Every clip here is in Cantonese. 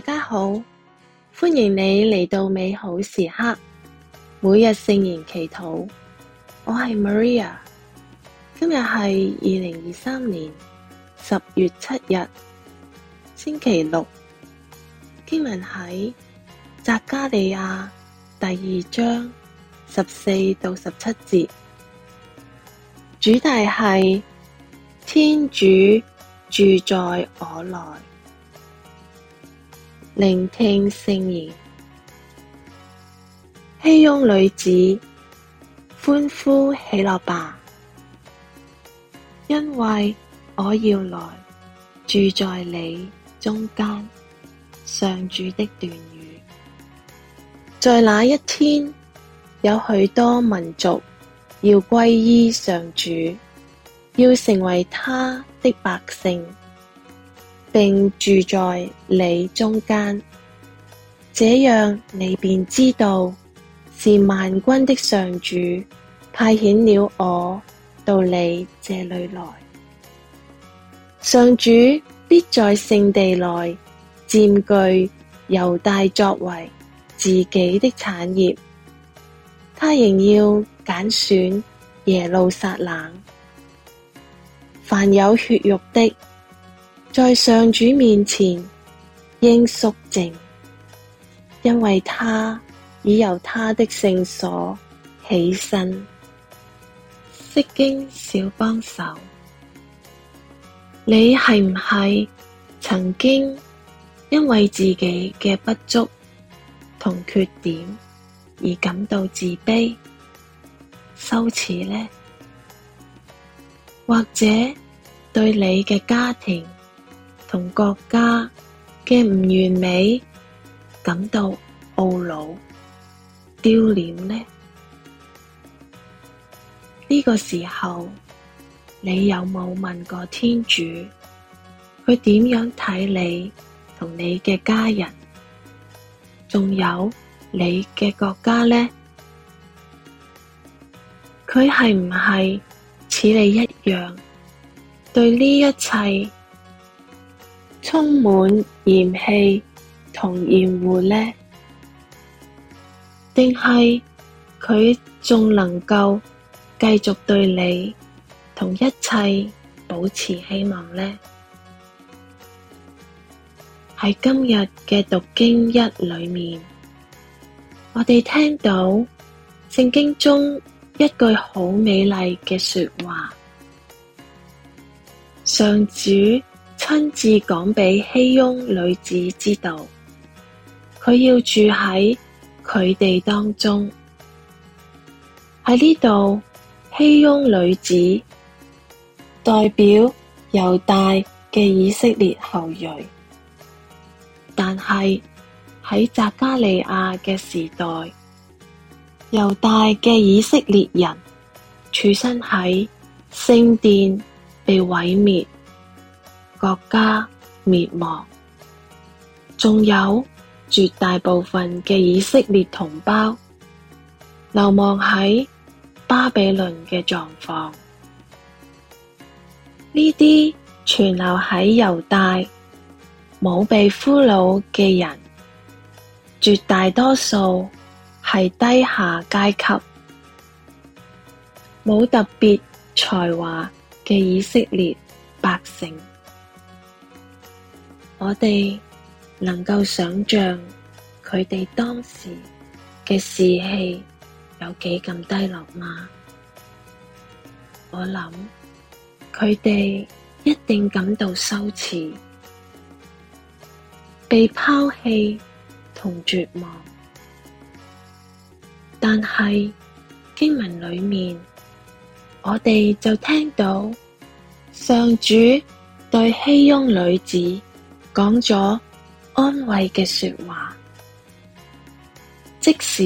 大家好，歡迎你嚟到美好時刻。每日聖言祈禱，我係 Maria。今日係二零二三年十月七日，星期六。經文喺匝加利亞第二章十四到十七節，主題係天主住在我內。聆聽聖言，熙雍女子，歡呼喜樂吧，因為我要來住在你中間。上主的斷語，在那一天，有許多民族要歸依上主，要成為他的百姓。並住在你中間，這樣你便知道是萬軍的上主派遣了我到你這裏來。上主必在聖地內佔據猶大作為自己的產業，他仍要揀選耶路撒冷，凡有血肉的。在上主面前應肅靜，因為他已由他的聖所起身，釋經小幫手。你係唔係曾經因為自己嘅不足同缺點而感到自卑、羞恥呢？或者對你嘅家庭？同國家嘅唔完美感到懊惱、丟臉呢？呢個時候，你有冇問過天主？佢點樣睇你同你嘅家人？仲有你嘅國家呢？佢係唔係似你一樣，對呢一切？充滿嫌棄同厭惡呢？定係佢仲能夠繼續對你同一切保持希望呢？喺今日嘅讀經一裏面，我哋聽到聖經中一句好美麗嘅說話：上主。親自講畀熙雍女子知道，佢要住喺佢哋當中。喺呢度，熙雍女子代表猶大嘅以色列後裔，但係喺匝加利亞嘅時代，猶大嘅以色列人處身喺聖殿被毀滅，國家滅亡，仲有絕大部分嘅以色列同胞流亡喺巴比倫嘅狀況，呢啲存留喺猶大冇被俘虜嘅人，絕大多數係低下階級，冇特別才華嘅以色列百姓。我哋能夠想象佢哋當時嘅士氣有幾咁低落嗎？我諗，佢哋一定感到羞恥、被拋棄同絕望。但係經文裏面，我哋就聽到上主對熙雍女子。講咗安慰嘅說話，即使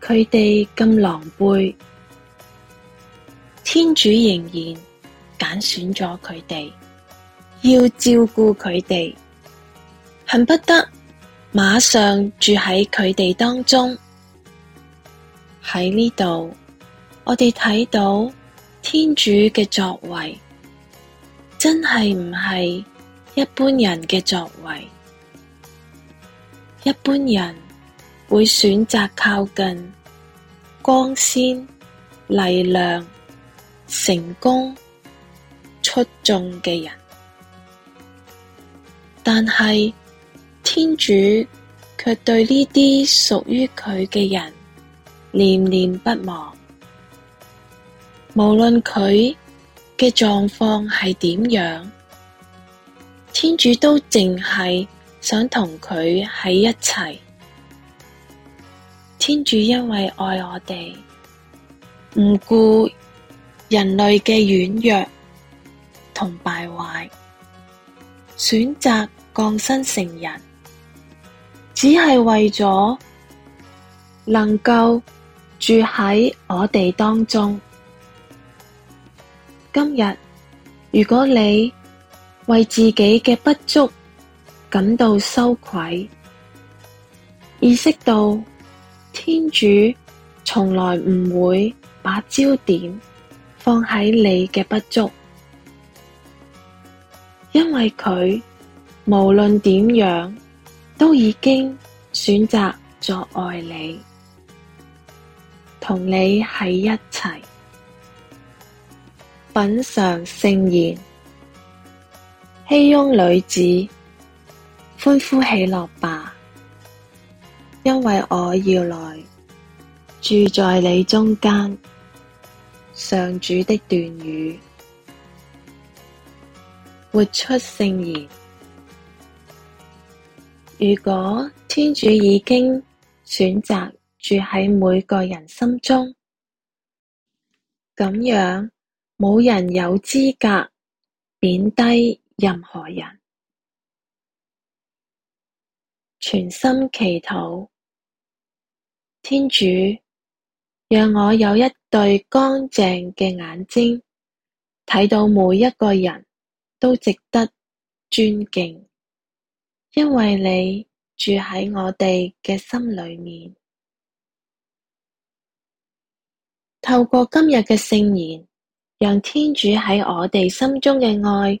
佢哋咁狼狽，天主仍然揀選咗佢哋，要照顧佢哋，恨不得馬上住喺佢哋當中。喺呢度，我哋睇到天主嘅作為，真係唔係。一般人嘅作為，一般人會選擇靠近光鮮、亮麗、成功、出眾嘅人，但係天主卻對呢啲屬於佢嘅人念念不忘，無論佢嘅狀況係點樣。天主都淨係想同佢喺一齊。天主因為愛我哋，唔顧人類嘅軟弱同敗壞，選擇降生成人，只係為咗能夠住喺我哋當中。今日，如果你為自己嘅不足感到羞愧，意識到天主從來唔會把焦點放喺你嘅不足，因為佢無論點樣都已經選擇咗愛你，同你喺一齊，品嘗聖言。熙雍女子，歡呼喜樂吧，因為我要來住在你中間。上主的斷語，活出聖言。如果天主已經選擇住喺每個人心中，咁樣冇人有資格貶低。任何人。全心祈禱，天主，讓我有一對乾淨嘅眼睛，睇到每一個人都值得尊敬，因為你住喺我哋嘅心裏面。透過今日嘅聖言，讓天主喺我哋心中嘅愛